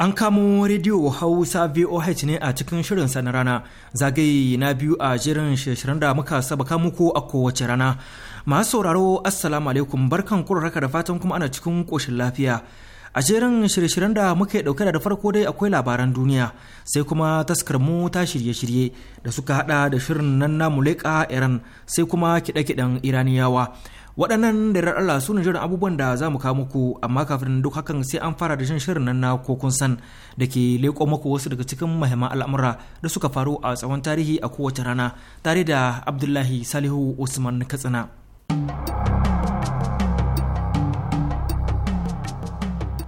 An kamo rediyo Hausa VOH ne a cikin shirin sa na rana zagaye na biyu a jirin shirin da muka saba muku a kowace rana. Masu sauraro Assalamu alaikum barkan kurarraka da fatan kuma ana cikin koshin lafiya. A jerin shirye-shiryen da muke ɗauke da farko dai akwai labaran duniya sai kuma taskar mu ta shirye-shirye da suka hada da shirin nan na muleka Iran sai kuma kiɗe-kiɗen Iraniyawa. waɗannan da rar Allah su ne jiran abubuwan da za mu kawo muku amma kafin duk hakan sai an fara da shan shirin nan na ko kun san da ke leƙo muku wasu daga cikin mahimman al'amura da suka faru a tsawon tarihi a kowace rana tare da Abdullahi Salihu Usman Katsina.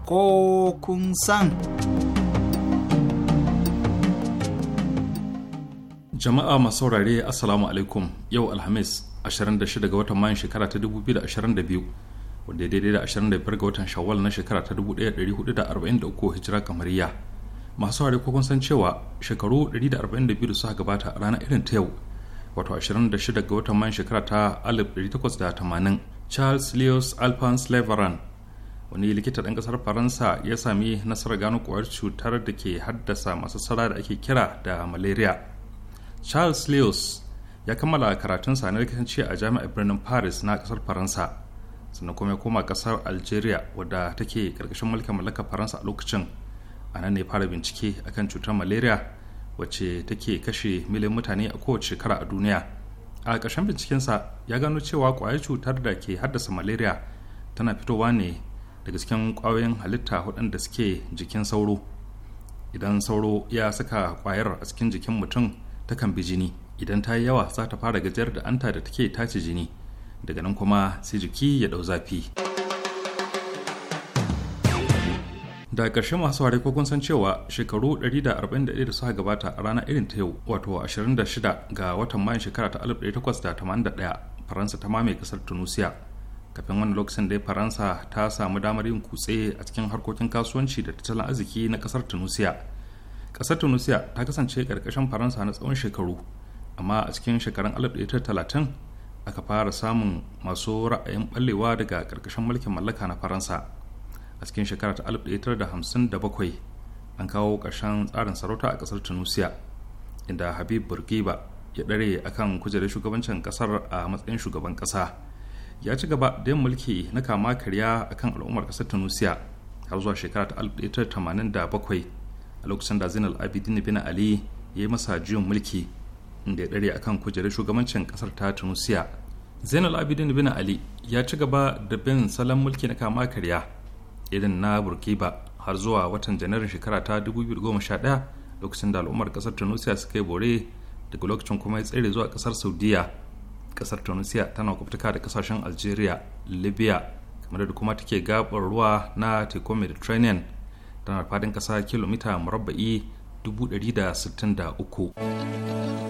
kokun san. Jama'a masaurare Assalamu alaikum yau Alhamis 26 ga watan mayun shekara ta 2022 wanda ya daidai da 25 ga watan shawwal na shekara ta 1443 hijira kamariya masu hari kun san cewa shekaru 142 da suka gabata a ranar irin ta yau wato 26 ga watan mayun shekara ta 1880 charles leos alphonse leveran wani likita ɗan ƙasar faransa ya sami nasarar gano ƙwayar cutar da ke haddasa masu sara da ake kira da malaria charles leos ya kammala karatunsa na likitanci a jami'ar birnin paris na kasar faransa sannan kuma ya koma kasar algeria wadda take karkashin mulkin mallakar faransa a lokacin a nan ne fara bincike akan cutar malaria wacce take kashe miliyan mutane a kowace shekara a duniya a ƙarshen bincikensa ya gano cewa ƙwayar cutar da ke haddasa malaria tana fitowa ne daga cikin ƙwayoyin halitta waɗanda suke jikin sauro idan sauro ya saka ƙwayar a cikin jikin mutum ta kan bi jini idan ta yi yawa za ta fara gajiyar da anta da take tace jini daga nan kuma sai jiki ya dau zafi da ƙarshe masu ware kun san cewa shekaru 141 da suka gabata a ranar irin ta yau wato 26 ga watan mayan shekara ta 1881 faransa ta mamaye kasar tunisia kafin wani lokacin da faransa ta samu damar yin kutse a cikin harkokin kasuwanci da tattalin arziki na kasar tunisia ƙasar tunisia ta kasance ƙarƙashin faransa na tsawon shekaru amma a cikin shekarun 1930 aka fara samun masu ra'ayin ɓallewa daga ƙarƙashin mulkin mallaka na faransa a cikin shekara ta 1957 an kawo ƙarshen tsarin sarauta a ƙasar tunisia inda habib burgiba ya ɗare akan kujerar shugabancin ƙasar a matsayin shugaban ƙasa ya ci gaba da mulki na kama karya akan al'ummar ƙasar tunisia har zuwa shekara ta 1987 a lokacin da zainal abidin bin ali ya yi masa juyin mulki da ya a kan kujerar shugabancin kasar ta tunisia zainal abidin bin ali ya ci gaba da bin salon mulki na kama karya irin na burkiba har zuwa watan janairun shekara ta 2011 lokacin da al'ummar kasar tunisia suka yi bore daga lokacin kuma ya tsere zuwa kasar saudiya kasar tunisia tana kwaftuka da kasashen algeria libya kamar da kuma take gabar ruwa na teku mediterranean tana fadin kasa kilomita murabba'i 163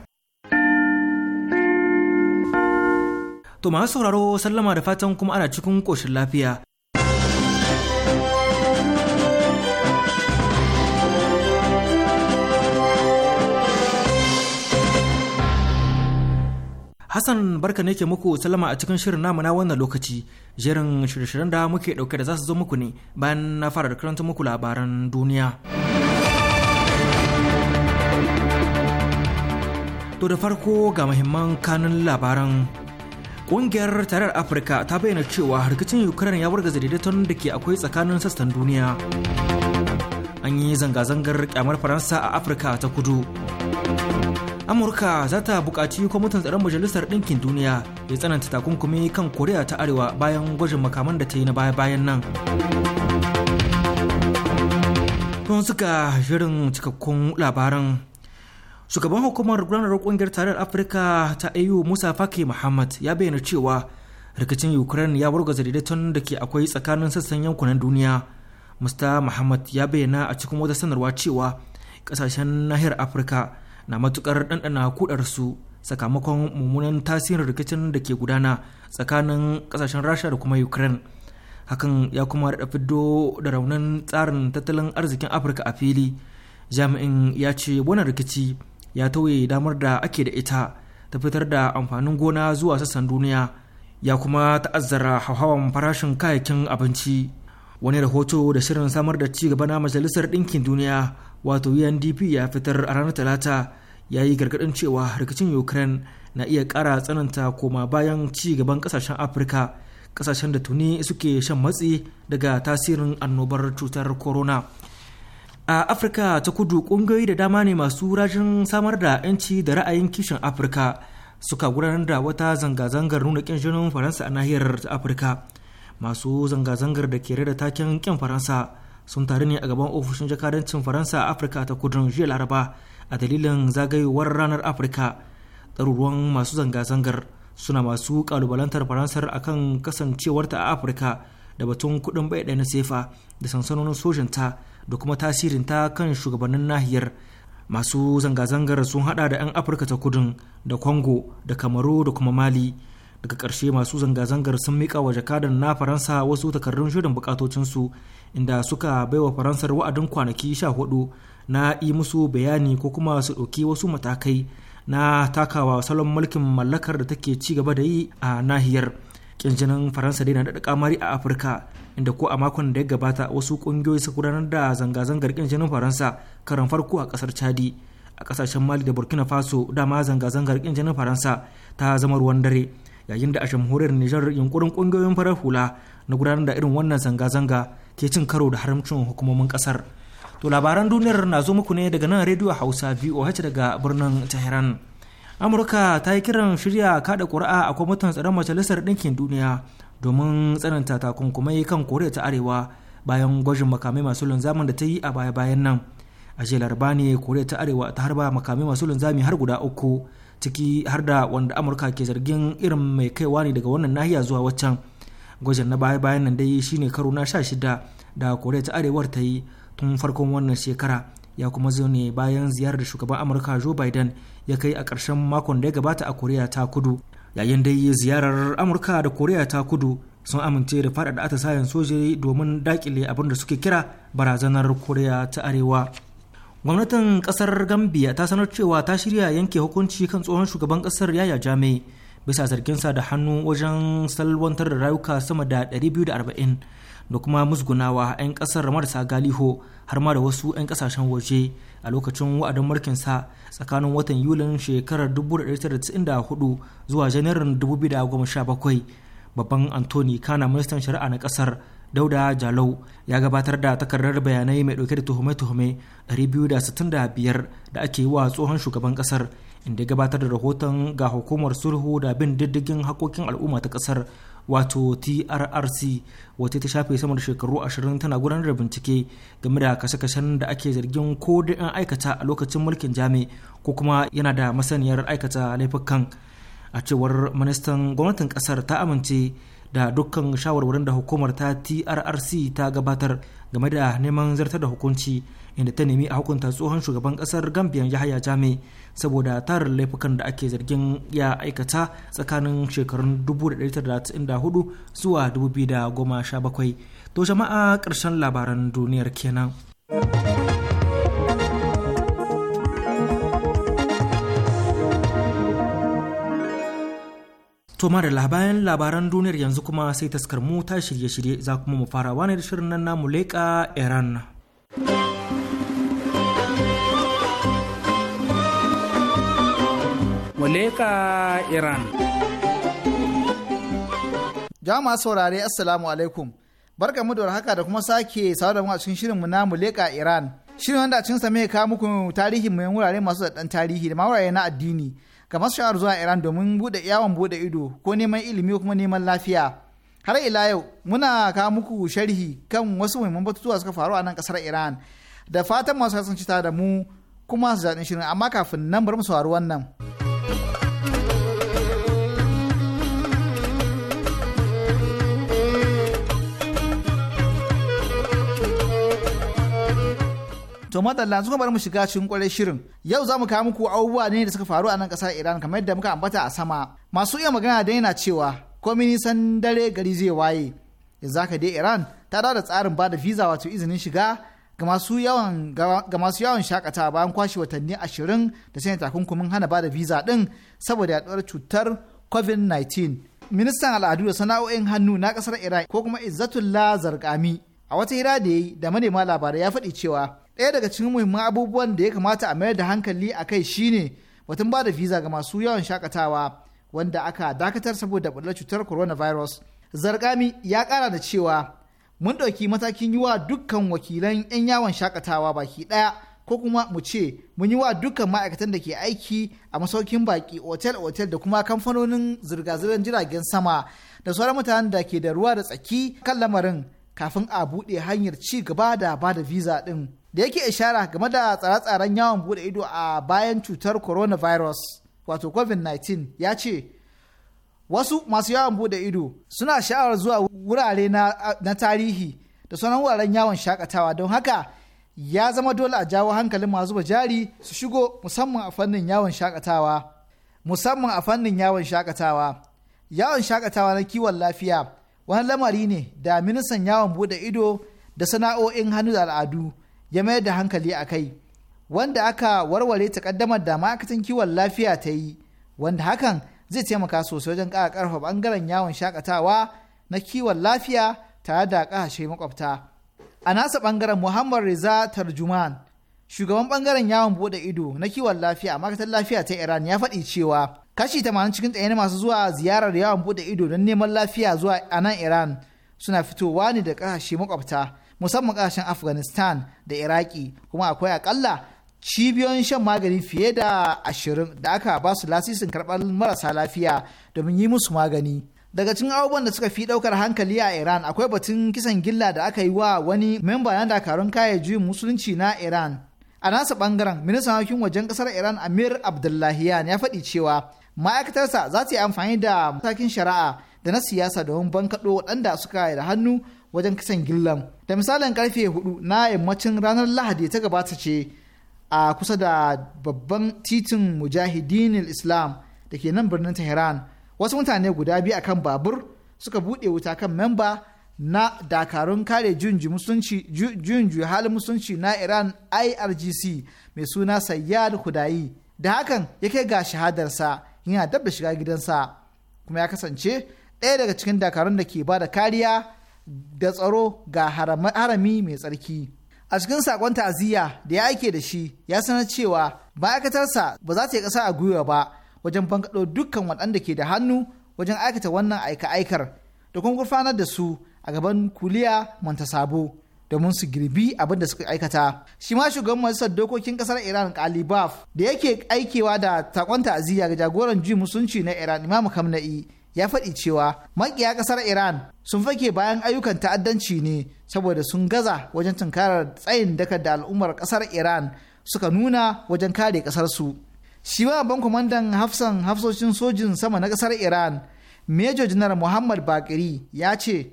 To masu sauraro sallama da fatan kuma ana cikin ƙoshin lafiya. Hassan barka ne ke muku sallama a cikin shirin namu na wannan lokaci jerin shirye-shiryen da muke ɗauke da za su zo muku ne bayan na fara da karanta muku labaran duniya. To da farko ga muhimman kanun labaran Ƙungiyar Tarar Afirka ta bayyana cewa rikicin Ukraine ya wargaza daidaiton da ke akwai tsakanin sassan duniya. An yi zanga-zangar kyamar Faransa a Afirka ta kudu. Amurka za ta buƙaci kwamitin tsaron Majalisar Ɗinkin Duniya ya tsananta takunkumi kan Koriya ta Arewa bayan gwajin makaman da ta yi na baya-bayan nan. Tun suka shirin cikakkun labaran shugaban hukumar gudanar kungiyar tarayyar afirka ta au musa faki muhammad ya bayyana cewa rikicin ukraine ya wargaza daidaiton da ke akwai tsakanin sassan yankunan duniya musta muhammad ya bayyana a cikin wata sanarwa cewa kasashen nahiyar afirka na matukar ɗanɗana su sakamakon mummunan tasirin rikicin da ke gudana tsakanin kasashen rasha da kuma ukraine hakan ya kuma da fiddo da raunin tsarin tattalin arzikin afirka a fili jami'in ya ce wannan rikici ya tauye damar da ake da ita ta fitar da amfanin gona zuwa sassan duniya ya kuma ta'azzara hauhawan farashin kayayyakin abinci wani rahoto da shirin samar da ci gaba na majalisar ɗinkin duniya wato undp ya fitar a ranar talata ya yi gargaɗin cewa rikicin ukraine na iya ƙara tsananta koma bayan ci gaban ƙasashen afirka ƙasashen da tuni suke shan matsi daga tasirin annobar cutar corona a afirka ta kudu kungiyoyi da dama ne masu rajin samar da 'yanci da ra'ayin kishin afirka suka gudanar da wata zanga-zangar nuna ƙin jinin faransa a nahiyar afirka masu zanga-zangar da ke da taken ƙin faransa sun taru ne a gaban ofishin jakadancin faransa a afirka ta kudu jiya laraba a dalilin zagayowar ranar afirka ɗaruruwan masu zanga-zangar suna masu ƙalubalantar faransar akan kasancewarta a afirka da batun kuɗin bai ɗaya na sefa da sansanonin ta. da kuma tasirin ta kan shugabannin nahiyar masu zanga-zangar sun hada da 'yan afirka ta kudin da kongo da kamaru da kuma mali daga ƙarshe masu zanga-zangar sun mika wa jakadan na faransa wasu takardun shirin bukatocinsu inda suka baiwa faransar wa'adin kwanaki sha hudu na yi musu bayani ko kuma su ɗauki wasu matakai na takawa salon mulkin mallakar da take ci gaba da yi a nahiyar ƙinjinan faransa dai na daɗa kamari a afirka inda ko a makon da ya gabata wasu kungiyoyi su gudanar da zanga-zangar kin jinin faransa karan farko a kasar chadi a kasashen mali da burkina faso dama zanga-zangar kin jinin faransa ta zama ruwan dare yayin da a jamhuriyar nijar yunkurin kungiyoyin farar hula na gudanar da irin wannan zanga-zanga ke cin karo da haramcin hukumomin kasar to labaran duniyar na zo muku ne daga nan rediyo hausa voh daga birnin tehran amurka ta yi kiran shirya kada kuri'a a kwamitin tsaron majalisar ɗinkin duniya domin tsananta takunkumai kan koriya ta arewa bayan gwajin makamai masu linzamin da ta yi a baya-bayan nan a jiya laraba ne koriya ta arewa ta harba makamai masu linzami har guda uku ciki har da wanda amurka ke zargin irin mai kaiwa ne daga wannan nahiya zuwa waccan gwajin na baya-bayan nan dai shine karo na sha shida da koriya ta arewar ta yi tun farkon wannan shekara ya kuma zo ne bayan ziyarar shugaban amurka joe biden ya kai a ƙarshen makon da ya gabata a koriya ta kudu yayin dai ziyarar amurka da koriya ta kudu sun amince da faɗaɗa atisayen sojiri domin dakile abin da suke kira barazanar koriya ta arewa gwamnatin kasar gambia ta sanar cewa ta shirya yanke hukunci kan tsohon shugaban kasar yaya jame bisa zarginsa da hannu wajen salwantar da rayuka sama da 240 da kuma musgunawa 'yan kasar marasa galiho har ma da wasu 'yan kasashen waje a lokacin wa'adin mulkin sa tsakanin watan yulin shekarar 1994 zuwa janairun 2017 babban anthony kana ministan shari'a na kasar dauda jalau ya gabatar da takardar bayanai mai dauke da tuhume-tuhume 265 da ake yi wa tsohon shugaban kasar inda ya gabatar da rahoton ga hukumar sulhu da bin diddigin hakokin al'umma ta kasar wato trrc wata ta shafe sama da shekaru ashirin tana gudanar da bincike game da kashe-kashen da ake zargin ko da yan aikata a lokacin mulkin jami ko kuma yana da masaniyar aikata laifukan a cewar ministan gwamnatin kasar ta amince da dukkan shawarwarin da hukumar ta trrc ta gabatar game da neman zartar da hukunci inda ta nemi a hukunta tsohon shugaban kasar gambiyan yahaya jami saboda tarin laifukan da ake zargin ya aikata tsakanin shekarun 1994 zuwa 2017 to jama'a karshen labaran duniyar kenan. To da bayan labaran duniyar yanzu kuma sai taskar mu ta shirye-shirye za kuma mu fara wani shirin nan namu leƙa Iran. Muleka Iran. Jama'a saurare Assalamu alaikum. Barka mu da haka da kuma sake sawa da cikin a cikin namu na Iran. Shirin wanda a sa mai kawo muku tarihi mai wurare masu da tarihi da ma wurare na addini. kamar masu zuwa Iran domin bude yawon bude ido ko neman ilimi kuma neman lafiya. Har ila yau muna kawo muku sharhi kan wasu muhimman batutuwa suka faru a nan kasar Iran da fatan masu kasance da mu kuma su daɗin shirin amma kafin nan bar mu saurari wannan. To madalla zuwa bari mu shiga cikin kwarai shirin. Yau za mu kawo muku abubuwa ne da suka faru a nan ƙasar Iran kamar yadda muka ambata a sama. Masu iya magana da yana cewa komai nisan dare gari zai waye. Yanzu aka dai Iran ta dawo da tsarin ba da visa wato izinin shiga ga masu yawan ga masu yawon shakatawa bayan kwashe watanni ashirin da sanya takunkumin hana bada da visa din saboda yaduwar cutar COVID-19. Ministan al'adu da sana'o'in hannu na kasar Iran ko kuma Izzatullah Zarqami a wata hira da yi da manema labarai ya faɗi cewa ɗaya daga cikin muhimman abubuwan da ya kamata a mayar da hankali a kai shine batun ba da visa ga masu yawan shakatawa wanda aka dakatar saboda ɓullar cutar coronavirus zargami ya ƙara da cewa mun ɗauki matakin yi wa dukkan wakilan 'yan yawon shakatawa baki ɗaya ko kuma mu ce mun yi wa dukkan ma'aikatan da ke aiki a masaukin baki otel-otel da kuma kamfanonin zirga-zirgar jiragen sama da sauran mutanen da ke da ruwa da tsaki kan lamarin kafin a buɗe hanyar ci gaba da bada da visa ɗin da yake ishara game da tsare-tsaren yawon bude ido a bayan cutar coronavirus wato covid-19 ya ce wasu masu yawon bude ido suna sha'awar zuwa wurare na, tarihi da sauran wuraren yawon shakatawa don haka ya zama dole a jawo hankalin masu jari su shigo musamman a fannin yawon shakatawa musamman a fannin yawon shakatawa yawon shakatawa na kiwon lafiya wani lamari ne da ministan yawon bude ido da sana'o'in hannu da al'adu ya mayar da hankali a kai wanda aka warware takaddamar da ma'aikatan kiwon lafiya ta yi wanda hakan zai taimaka sosai wajen ƙara ƙarfa bangaren yawon shakatawa na kiwon lafiya tare da ƙasashe makwabta. A nasa ɓangaren Muhammad Reza Tarjuman, shugaban bangaren yawon buɗe ido na kiwon lafiya a ma'aikatar lafiya ta Iran ya faɗi cewa kashi 80 cikin ɗaya masu zuwa ziyarar yawon buɗe ido don neman lafiya zuwa a nan Iran suna fitowa ne da ƙasashe makwabta. musamman kasashen afghanistan da iraki kuma akwai akalla cibiyoyin shan magani fiye da ashirin da aka ba su lasisin karɓar marasa lafiya domin yi musu magani daga cikin abubuwan da suka fi ɗaukar hankali a iran akwai batun kisan gilla da aka yi wa wani memba na dakarun kaya juyin musulunci na iran a nasa bangaren ministan harkokin wajen kasar iran amir abdullahiyan ya faɗi cewa ma'aikatarsa za ta yi amfani da matakin shari'a da na siyasa domin bankaɗo waɗanda suka yi da hannu wajen kisan gillan da misalin karfe 4 na yammacin ranar lahadi ta gabata ce a kusa da babban titin mujahidin islam da ke nan birnin tehran wasu mutane guda biyu akan babur suka buɗe wuta kan memba na dakarun kare junju halin musulunci na iran irgc mai suna sayyad hudayi da hakan ya kai ga shahadarsa yana dab da shiga gidansa kuma ya kasance ɗaya daga cikin dakarun da ke ba da kariya da tsaro ga harami mai tsarki. A cikin sakon ta'aziyya da ya aike da shi ya sanar cewa ma'aikatarsa ba za ta yi ƙasa a gwiwa ba wajen bankaɗo dukkan waɗanda ke da hannu wajen aikata wannan aika-aikar da kuma gurfanar da su a gaban kuliya sabo domin su girbi abin da suka aikata. Shi ma shugaban majalisar dokokin ƙasar Iran Kalibaf da yake aikewa da saƙon ta'aziyya ga jagoran ji musunci na Iran Imam Kamna'i ya faɗi cewa makiya ƙasar Iran sun fake bayan ayyukan ta'addanci ne saboda sun gaza wajen tunkarar tsayin daka da al'ummar ƙasar Iran suka nuna wajen kare ƙasar su. Shi ma ban kwamandan hafsan hafsoshin sojin sama na ƙasar Iran, Major General Muhammad Bakiri ya ce,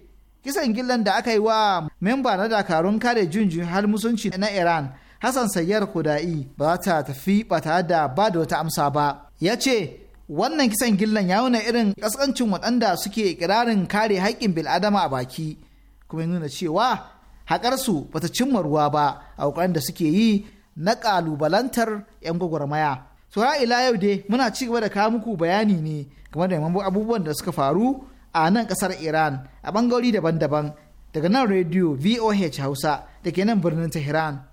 kisan gillan da aka yi wa memba na dakarun kare junjin har musunci na Iran, Hassan Sayyar Kuda'i ba za ta tafi ba tare da ba da wata amsa ba. Ya ce, wannan kisan gillan ya nuna irin kaskancin waɗanda suke ƙirarin kare haƙƙin bil'adama a baki kuma ya nuna cewa haƙarsu bata cimma ruwa ba a ƙoƙarin da suke yi na ƙalubalantar 'yan gwagwarmaya. So ha ila yau dai muna ci gaba da kawo muku bayani ne game da abubuwan da suka faru a nan ƙasar Iran a ɓangarori daban-daban daga nan rediyo VOH Hausa da ke nan birnin Tehran.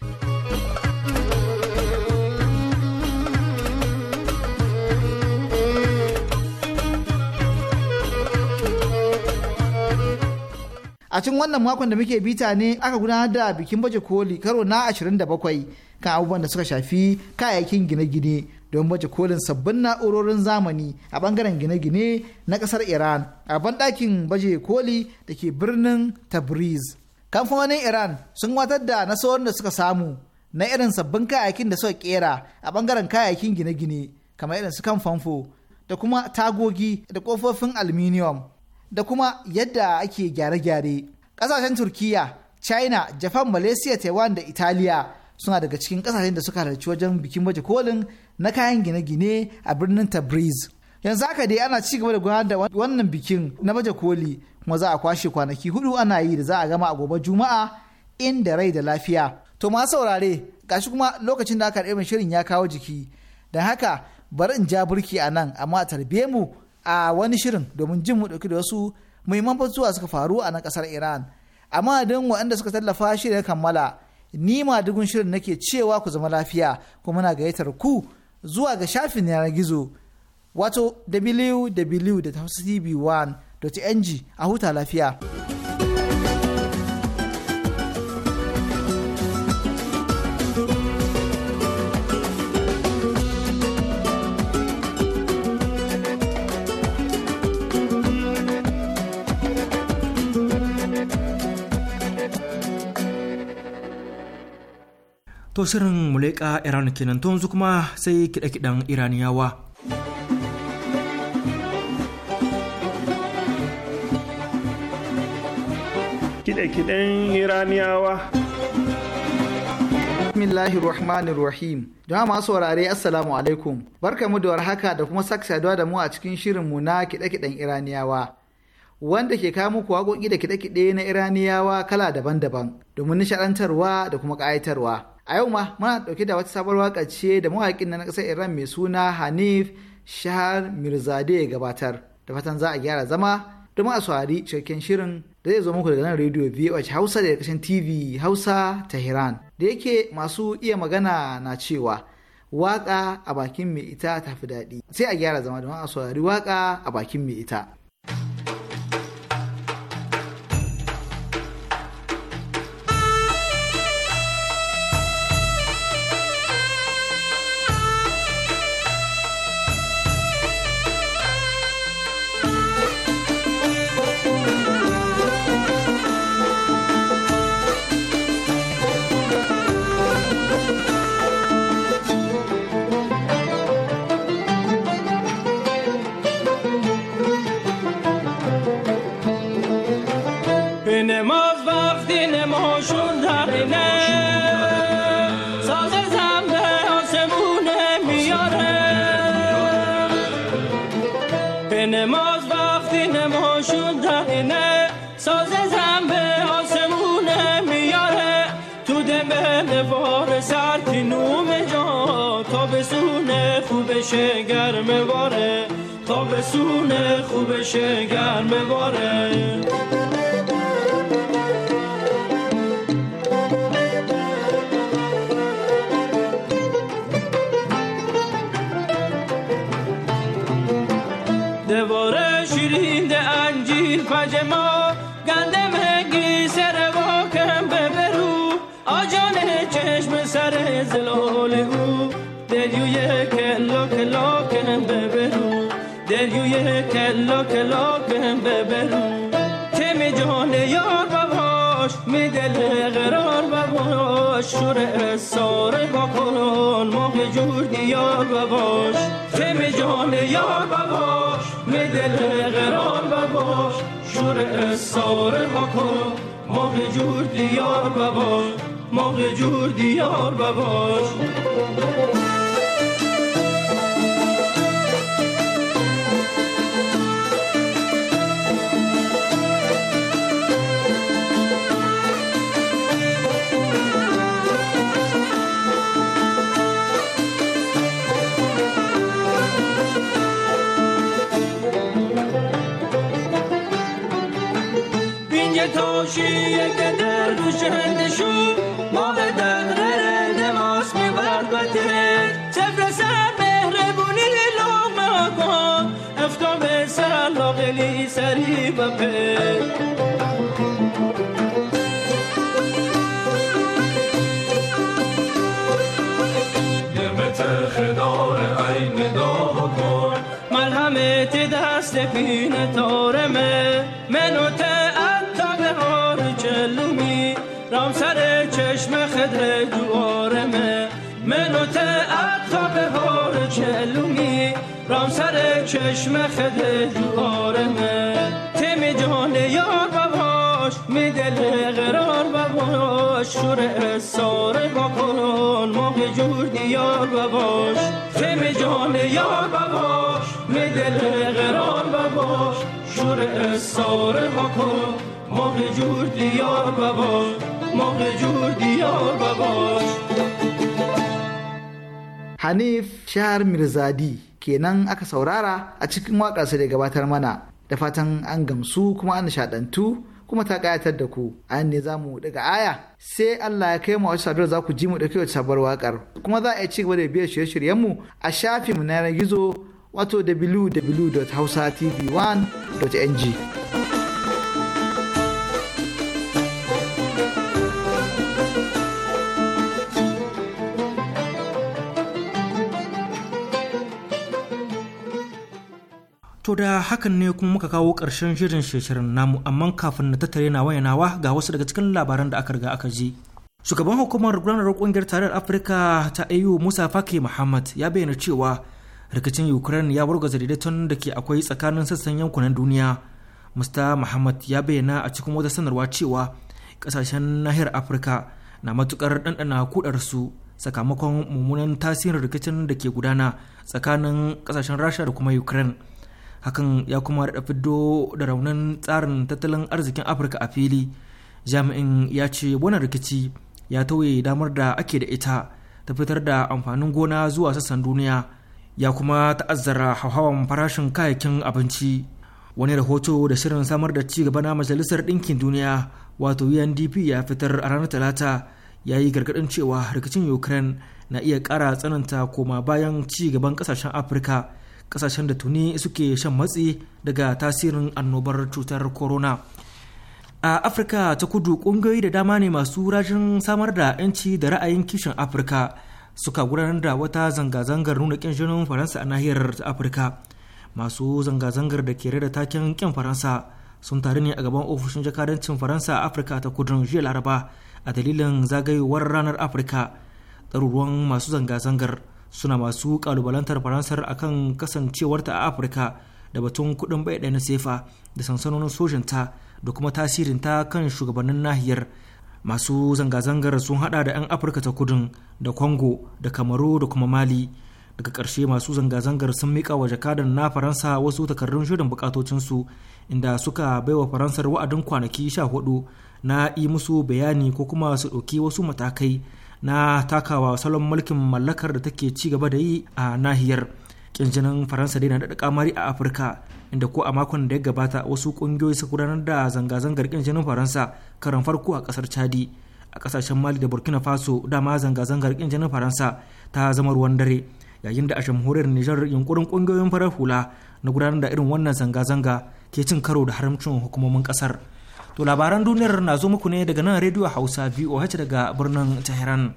a cikin wannan makon da muke bita ne aka gudanar da bikin baje koli karo na 27 kan abubuwan da suka shafi kayayyakin gine-gine don baje kolin sabbin na'urorin zamani a bangaren gine-gine na kasar iran a bandakin baje koli da ke birnin tabriz kamfanonin iran sun watar da nasarorin da suka samu na irin sabbin kayayyakin da suka kera a bangaren kayayyakin gine-gine kamar irin su kan famfo da kuma tagogi da kofofin aluminium da kuma yadda ake gyare-gyare. Ƙasashen Turkiyya, China, Japan, Malaysia, Taiwan da Italiya suna daga cikin ƙasashen da suka halarci wajen bikin baje kolin na kayan gine-gine a birnin Tabriz. Yanzu haka dai ana ci gaba da gudanar da wannan bikin na baje koli kuma za a kwashe kwanaki hudu ana yi da za a gama a gobe Juma'a inda rai da lafiya. To ma saurare, gashi kuma lokacin da aka shirin ya kawo jiki. Don haka bari in ja burki a nan amma a tarbiye mu a wani shirin domin jin mu da wasu muhimman batutuwa suka faru a na ƙasar Iran. Amma don waɗanda suka tallafa shirin kammala ni ma dugun shirin nake cewa ku zama lafiya kuma na gayyatar ku zuwa ga shafin yanar gizo wato www.tv1.ng a huta lafiya. to shirin muleka iran kenan to yanzu kuma sai kiɗe-kiɗen iraniyawa kiɗe-kiɗen iraniyawa bismillahir rahmanir rahim jama'a masu saurare assalamu alaikum barka mu da warhaka da kuma sake saduwa da mu a cikin shirin mu na kiɗe-kiɗen iraniyawa wanda ke kawo muku waƙoƙi da kiɗe-kiɗe na iraniyawa kala daban-daban domin nishaɗantarwa da kuma ƙayatarwa a yau ma muna ɗauke da wata sabuwar waka ce da mawaƙin na ƙasar iran mai suna hanif shahar mirzade gabatar da fatan za a gyara zama domin a saurari cikakken shirin da zai zo muku daga nan rediyo voh hausa da ƙarshen tv hausa tehran da yake masu iya magana na cewa waka a bakin mai ita tafi daɗi sai a gyara zama domin a saurari waka a bakin mai ita تا به سونه خوبش گرم باره گریوی کلا کلا بهم ببرو که می جان یار بباش می دل قرار بباش شور اصاره با قرآن ماه جور دیار بباش که می جان یار بباش می دل قرار بباش شور اصاره با قرآن ماه جور دیار بباش موقع جور دیار بباش تاشی که در دوشند شو ما به دغدر نماس می بربته سفر سر مهربونی لغمه کن افتام به سر لاغلی سری بپه خدار عین دا ملهمت دست پین تارمه قدر دوارمه منو ته اتا بهار چلومی رام سر چشم خد دوارمه می جان یار باباش می دل قرار باباش شور اصاره با ما موقع جور دیار باباش می جان یار باباش می دل قرار باباش شور اصاره با قرآن موقع جور دیار باباش Hanif Shahar Mirzadi kenan aka saurara a cikin waƙarsa da gabatar mana da fatan an gamsu kuma an nishaɗantu kuma ta ƙayatar da ku a ne za mu daga aya sai Allah ya kai mu wasu sabuwar za ku ji mu ɗauki wata sabuwar waƙar kuma za a iya ci gaba da biyar shirye-shiryenmu a shafinmu na yanar gizo wato www.hausatv1.ng. To da hakan ne kuma muka kawo ƙarshen shirin shirin namu amma kafin na tattare na wayanawa ga wasu daga cikin labaran da aka riga aka ji. Shugaban hukumar gudanar kungiyar tarayyar Afirka ta AU Musa Faki Muhammad ya bayyana cewa rikicin Ukraine ya wargaza daidaiton da ke akwai tsakanin sassan yankunan duniya. Musta Muhammad ya bayyana a cikin wata sanarwa cewa kasashen nahiyar Afirka na matukar ɗanɗana kudarsu sakamakon mummunan tasirin rikicin da ke gudana tsakanin kasashen Rasha da kuma Ukraine. hakan ya kuma da fido da raunin tsarin tattalin arzikin afirka a fili jami'in ya ce wannan rikici ya tauye damar da ake da ita ta fitar da amfanin gona zuwa sassan duniya ya kuma ta'azzara hauhawan farashin kayayyakin abinci wani rahoto da shirin samar da ci gaba na majalisar ɗinkin duniya wato undp ya fitar a ranar talata ya yi gargaɗin cewa rikicin ukraine na iya ƙara tsananta koma bayan ci gaban ƙasashen afirka kasashen da tuni suke shan matsi daga tasirin annobar cutar corona a afirka ta kudu kungiyoyi da dama ne masu rajin samar da 'yanci da ra'ayin kishin afirka suka gudanar da wata zanga-zangar nuna kin jinin faransa a nahiyar afirka masu zanga-zangar da ke da taken kin faransa sun taru ne a gaban ofishin jakadancin faransa a afirka ta kudu jiya laraba a dalilin zagayowar ranar afirka ɗaruruwan masu zanga-zangar suna masu kalubalantar faransar akan kasancewarta a afirka da batun kudin bai na sefa da sansanonin sojanta da kuma tasirinta kan shugabannin nahiyar masu zanga-zangar sun hada da 'yan afirka ta kudin da kongo da kamaru da kuma mali daga ƙarshe masu zanga-zangar sun mika wa jakadan na faransa wasu takardun shirin bukatocinsu inda suka bai wa faransar wa'adin kwanaki sha hudu na yi musu bayani ko kuma su ɗauki wasu matakai na takawa salon mulkin mallakar da take ci gaba da yi a nahiyar kinjinin faransa dai na daɗa kamari a afirka inda ko a makon da ya gabata wasu ƙungiyoyi su gudanar da zanga-zangar kinjinin faransa karan farko a ƙasar chadi a ƙasashen mali da burkina faso dama zanga-zangar kinjinin faransa ta zama ruwan dare yayin da a jamhuriyar nijar yunkurin ƙungiyoyin farar hula na gudanar da irin wannan zanga-zanga ke cin karo da haramcin hukumomin ƙasar. To labaran duniyar na zo muku ne daga nan rediyo Hausa VOH daga birnin Tehran.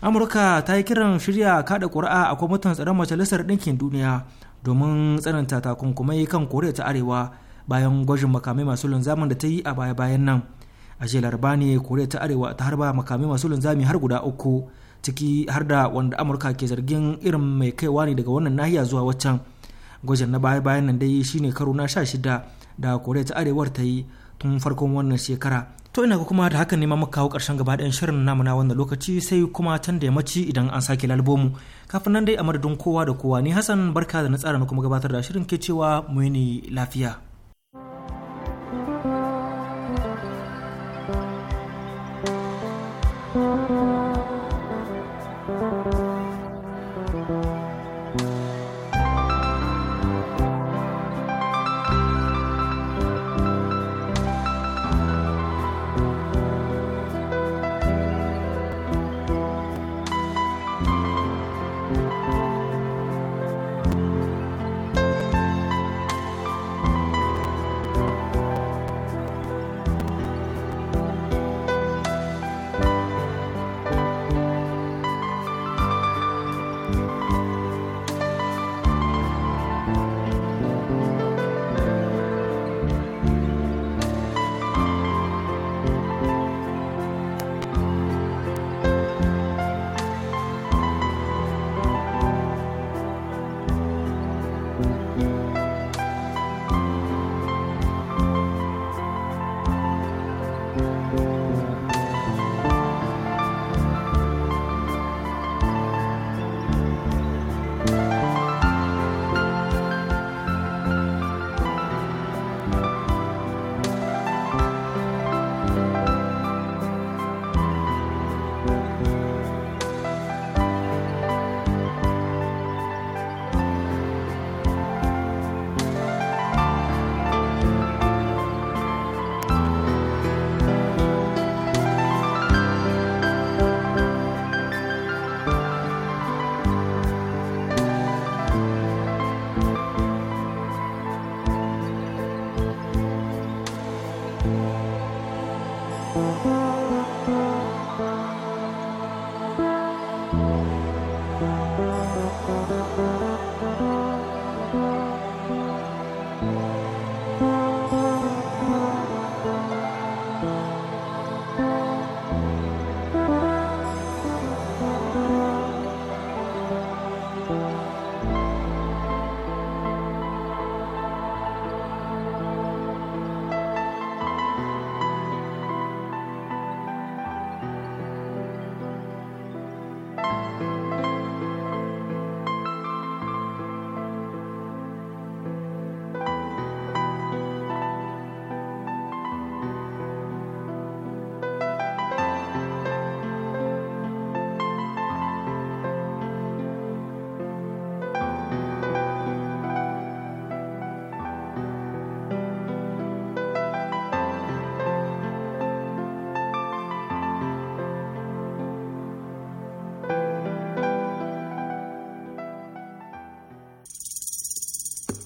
Amurka ta yi kiran shirya kada ƙuri'a a kwamitin tsaron majalisar ɗinkin duniya domin tsananta takunkumai kan Koriya ta Arewa bayan gwajin makamai masu linzamin da ta yi a baya-bayan nan. A jiya laraba ne Koriya ta Arewa ta harba makamai masu linzami har guda uku ciki har da wanda Amurka ke zargin irin mai kaiwa ne daga wannan nahiya zuwa waccan. Gwajin na baya-bayan nan dai shine karo na sha shida da Koriya ta Arewar ta yi tun farkon wannan shekara to ina ga kuma da haka ne ma muka kawo karshen gaba ɗayan shirin namu na wannan lokaci sai kuma can da yammaci idan an sake lalbomu kafin nan dai a madadin kowa da kowa ni hassan barka da na tsara na kuma gabatar da shirin ke cewa mu ne lafiya